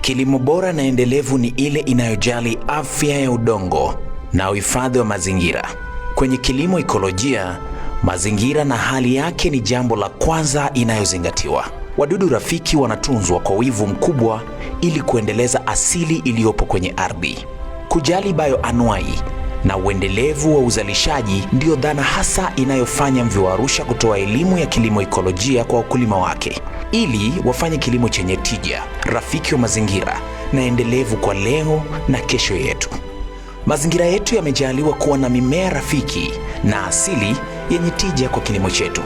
Kilimo bora na endelevu ni ile inayojali afya ya udongo na uhifadhi wa mazingira. Kwenye kilimo ikolojia, mazingira na hali yake ni jambo la kwanza inayozingatiwa. Wadudu rafiki wanatunzwa kwa wivu mkubwa ili kuendeleza asili iliyopo kwenye ardhi. Kujali bioanuai na uendelevu wa uzalishaji ndiyo dhana hasa inayofanya Mviwa Arusha kutoa elimu ya kilimo ikolojia kwa wakulima wake ili wafanye kilimo chenye tija, rafiki wa mazingira na endelevu kwa leo na kesho yetu. Mazingira yetu yamejaaliwa kuwa na mimea rafiki na asili yenye tija kwa kilimo chetu.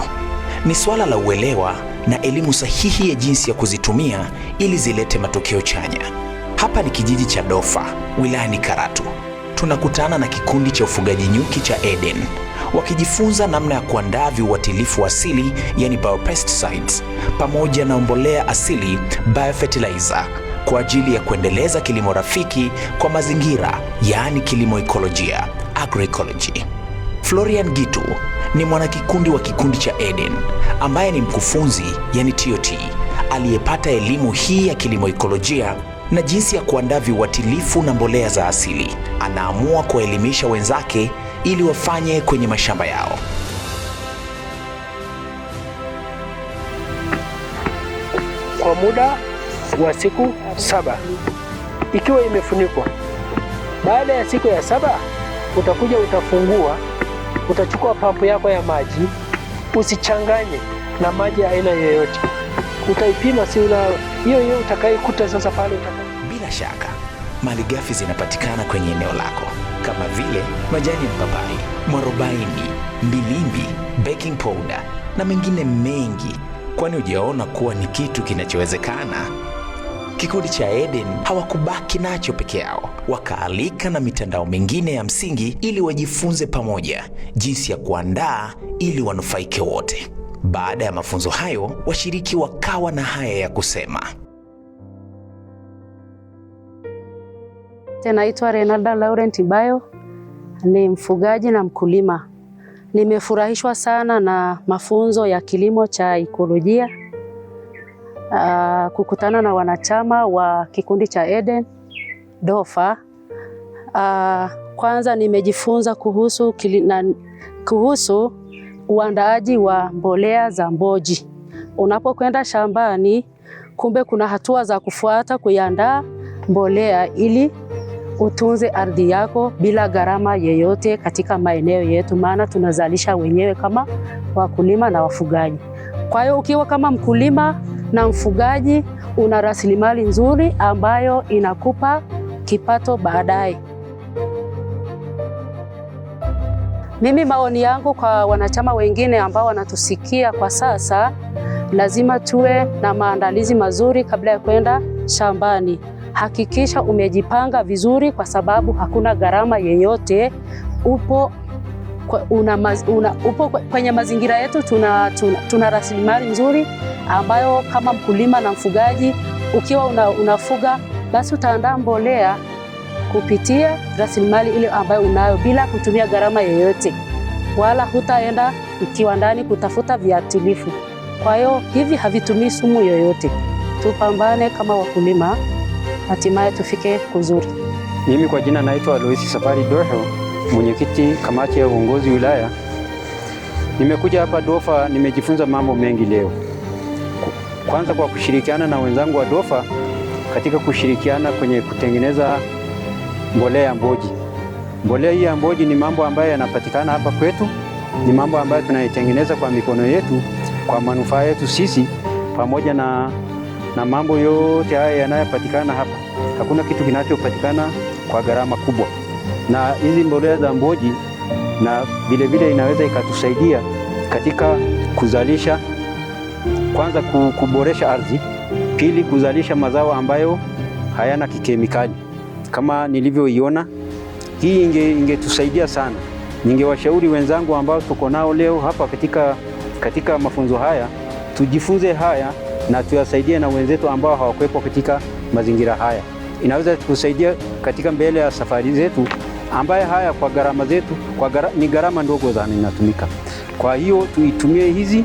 Ni swala la uelewa na elimu sahihi ya jinsi ya kuzitumia ili zilete matokeo chanya. Hapa ni kijiji cha Dofa, wilayani Karatu. Tunakutana na kikundi cha ufugaji nyuki cha Eden wakijifunza namna ya kuandaa viuatilifu asili yani biopesticides, pamoja na mbolea asili biofertilizer kwa ajili ya kuendeleza kilimo rafiki kwa mazingira yaani kilimo ekolojia agroecology. Florian Gitu ni mwanakikundi wa kikundi cha Eden ambaye ni mkufunzi yani TOT aliyepata elimu hii ya kilimo ekolojia na jinsi ya kuandaa viuatilifu na mbolea za asili. Anaamua kuwaelimisha wenzake ili wafanye kwenye mashamba yao. Kwa muda wa siku saba ikiwa imefunikwa. Baada ya siku ya saba utakuja, utafungua, utachukua pampu yako ya maji, usichanganye na maji ya aina yoyote, utaipima si una hiyo hiyo utakayokuta sasa pale. Bila shaka malighafi zinapatikana kwenye eneo lako kama vile majani ya mpapai, mwarobaini, mbilimbi, baking powder na mengine mengi, kwani hujaona kuwa ni kitu kinachowezekana? Kikundi cha Eden hawakubaki nacho peke yao, wakaalika na mitandao mingine ya msingi ili wajifunze pamoja jinsi ya kuandaa ili wanufaike wote. Baada ya mafunzo hayo, washiriki wakawa na haya ya kusema. Naitwa Renalda Laurent Bayo, ni mfugaji na mkulima. Nimefurahishwa sana na mafunzo ya kilimo cha ikolojia, ah, kukutana na wanachama wa kikundi cha Eden Dofa. Ah, kwanza nimejifunza kuhusu, na, kuhusu uandaaji wa mbolea za mboji. Unapokwenda shambani, kumbe kuna hatua za kufuata kuiandaa mbolea ili utunze ardhi yako bila gharama yeyote katika maeneo yetu, maana tunazalisha wenyewe kama wakulima na wafugaji. Kwa hiyo ukiwa kama mkulima na mfugaji, una rasilimali nzuri ambayo inakupa kipato baadaye. Mimi maoni yangu kwa wanachama wengine ambao wanatusikia kwa sasa, lazima tuwe na maandalizi mazuri kabla ya kwenda shambani hakikisha umejipanga vizuri, kwa sababu hakuna gharama yeyote. Upo Una una, upo kwenye mazingira yetu, tuna, tuna, tuna rasilimali nzuri ambayo kama mkulima na mfugaji ukiwa una, unafuga basi utaandaa mbolea kupitia rasilimali ile ambayo unayo bila kutumia gharama yoyote, wala hutaenda kiwandani kutafuta viatilifu. Kwa hiyo hivi havitumii sumu yoyote. Tupambane kama wakulima hatimaye tufike kuzuri. Mimi kwa jina naitwa Aloisi Safari Doho, mwenyekiti kamati ya uongozi wilaya. Nimekuja hapa Dofa, nimejifunza mambo mengi leo. Kwanza kwa kushirikiana na wenzangu wa Dofa katika kushirikiana kwenye kutengeneza mbolea ya mboji. Mbolea hii ya mboji ni mambo ambayo yanapatikana hapa kwetu, ni mambo ambayo tunayotengeneza kwa mikono yetu kwa manufaa yetu sisi pamoja na na mambo yote haya yanayopatikana hapa, hakuna kitu kinachopatikana kwa gharama kubwa, na hizi mbolea za Mboji na vile vile inaweza ikatusaidia katika kuzalisha, kwanza kuboresha ardhi, pili kuzalisha mazao ambayo hayana kikemikali kama nilivyoiona hii ingetusaidia inge sana. Ningewashauri wenzangu ambao tuko nao leo hapa katika, katika mafunzo haya tujifunze haya na tuwasaidie na wenzetu ambao hawakuwepo katika mazingira haya. Inaweza kusaidia katika mbele ya safari zetu, ambaye haya kwa gharama zetu kwa gara, ni gharama ndogo sana inatumika. Kwa hiyo tuitumie hizi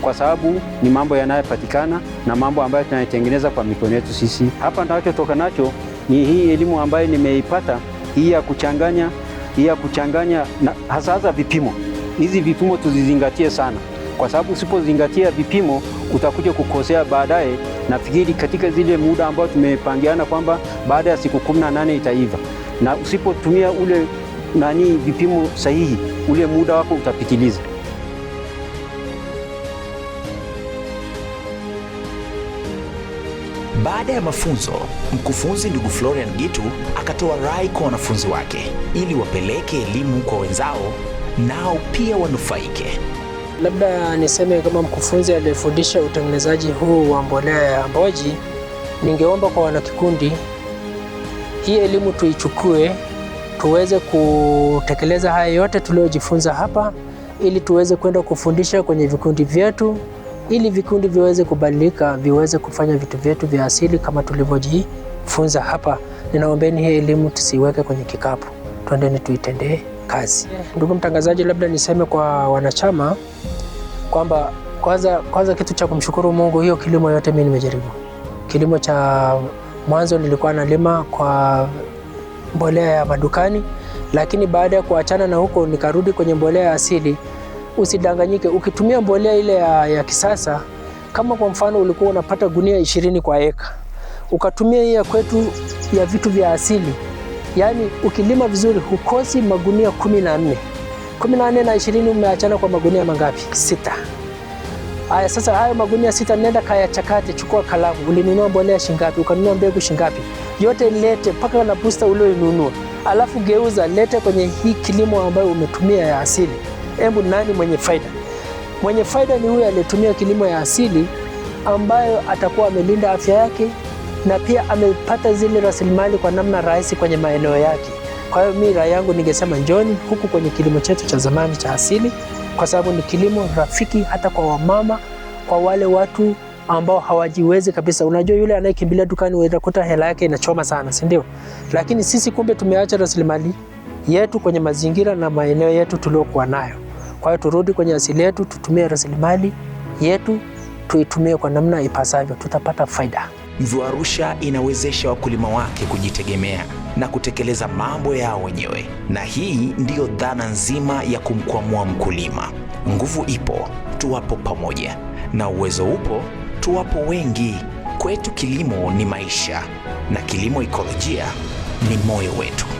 kwa sababu ni mambo yanayopatikana na mambo ambayo tunayotengeneza kwa mikono yetu sisi. Hapa ninachotoka nacho ni hii elimu ambayo nimeipata hii ya kuchanganya, hii ya kuchanganya na hasa hasa vipimo. Hizi vipimo tuzizingatie sana, kwa sababu usipozingatia vipimo utakuja kukosea baadaye. Nafikiri katika zile muda ambao tumepangiana kwamba baada ya siku kumi na nane itaiva, na usipotumia ule nani vipimo sahihi, ule muda wako utapitiliza. Baada ya mafunzo, mkufunzi ndugu Florian Gitu akatoa rai kwa wanafunzi wake ili wapeleke elimu kwa wenzao nao pia wanufaike. Labda niseme kama mkufunzi aliyefundisha utengenezaji huu wa mbolea ya mboji, ningeomba kwa wanakikundi, hii elimu tuichukue, tuweze kutekeleza haya yote tuliyojifunza hapa, ili tuweze kwenda kufundisha kwenye vikundi vyetu, ili vikundi viweze kubadilika, viweze kufanya vitu vyetu vya asili kama tulivyojifunza hapa. Ninaombeni hii elimu tusiweke kwenye kikapu, twendeni tuitendee kazi. Ndugu mtangazaji, labda niseme kwa wanachama kwamba kwanza kwanza kitu cha kumshukuru Mungu, hiyo kilimo yote mimi nimejaribu. Kilimo cha mwanzo nilikuwa nalima kwa mbolea ya madukani, lakini baada ya kuachana na huko nikarudi kwenye mbolea ya asili. Usidanganyike, ukitumia mbolea ile ya, ya kisasa kama kwa mfano ulikuwa unapata gunia ishirini kwa eka, ukatumia hii ya kwetu ya vitu vya asili yaani ukilima vizuri hukosi magunia kumi na nne kumi na nne na ishirini umeachana kwa magunia mangapi? Sita. Aya, sasa hayo magunia sita nenda chakate chukua kalamu, ulinunua mbolea shingapi, ukanunua mbegu shingapi, yote lete mpaka na busta ulioinunua, alafu geuza, lete kwenye hii kilimo ambayo umetumia ya asili. Hebu nani mwenye faida? Mwenye faida ni huyo aliyetumia kilimo ya asili ambayo atakuwa amelinda afya yake na pia amepata zile rasilimali kwa namna rahisi kwenye maeneo yake. Kwa hiyo mi rai yangu ningesema njoni huku kwenye kilimo chetu cha zamani cha asili, kwa sababu ni kilimo rafiki hata kwa wamama, kwa wale watu ambao hawajiwezi kabisa. Unajua, yule anayekimbilia dukani utakuta hela yake inachoma sana, si ndio? Lakini sisi kumbe tumeacha rasilimali yetu kwenye mazingira na maeneo yetu tuliokuwa nayo. Kwa hiyo turudi kwenye asili yetu, tutumie rasilimali yetu, tuitumie kwa namna ipasavyo, tutapata faida. Mvua Arusha inawezesha wakulima wake kujitegemea na kutekeleza mambo yao wenyewe, na hii ndiyo dhana nzima ya kumkwamua mkulima. Nguvu ipo, tuwapo pamoja, na uwezo upo, tuwapo wengi. Kwetu kilimo ni maisha, na kilimo ikolojia ni moyo wetu.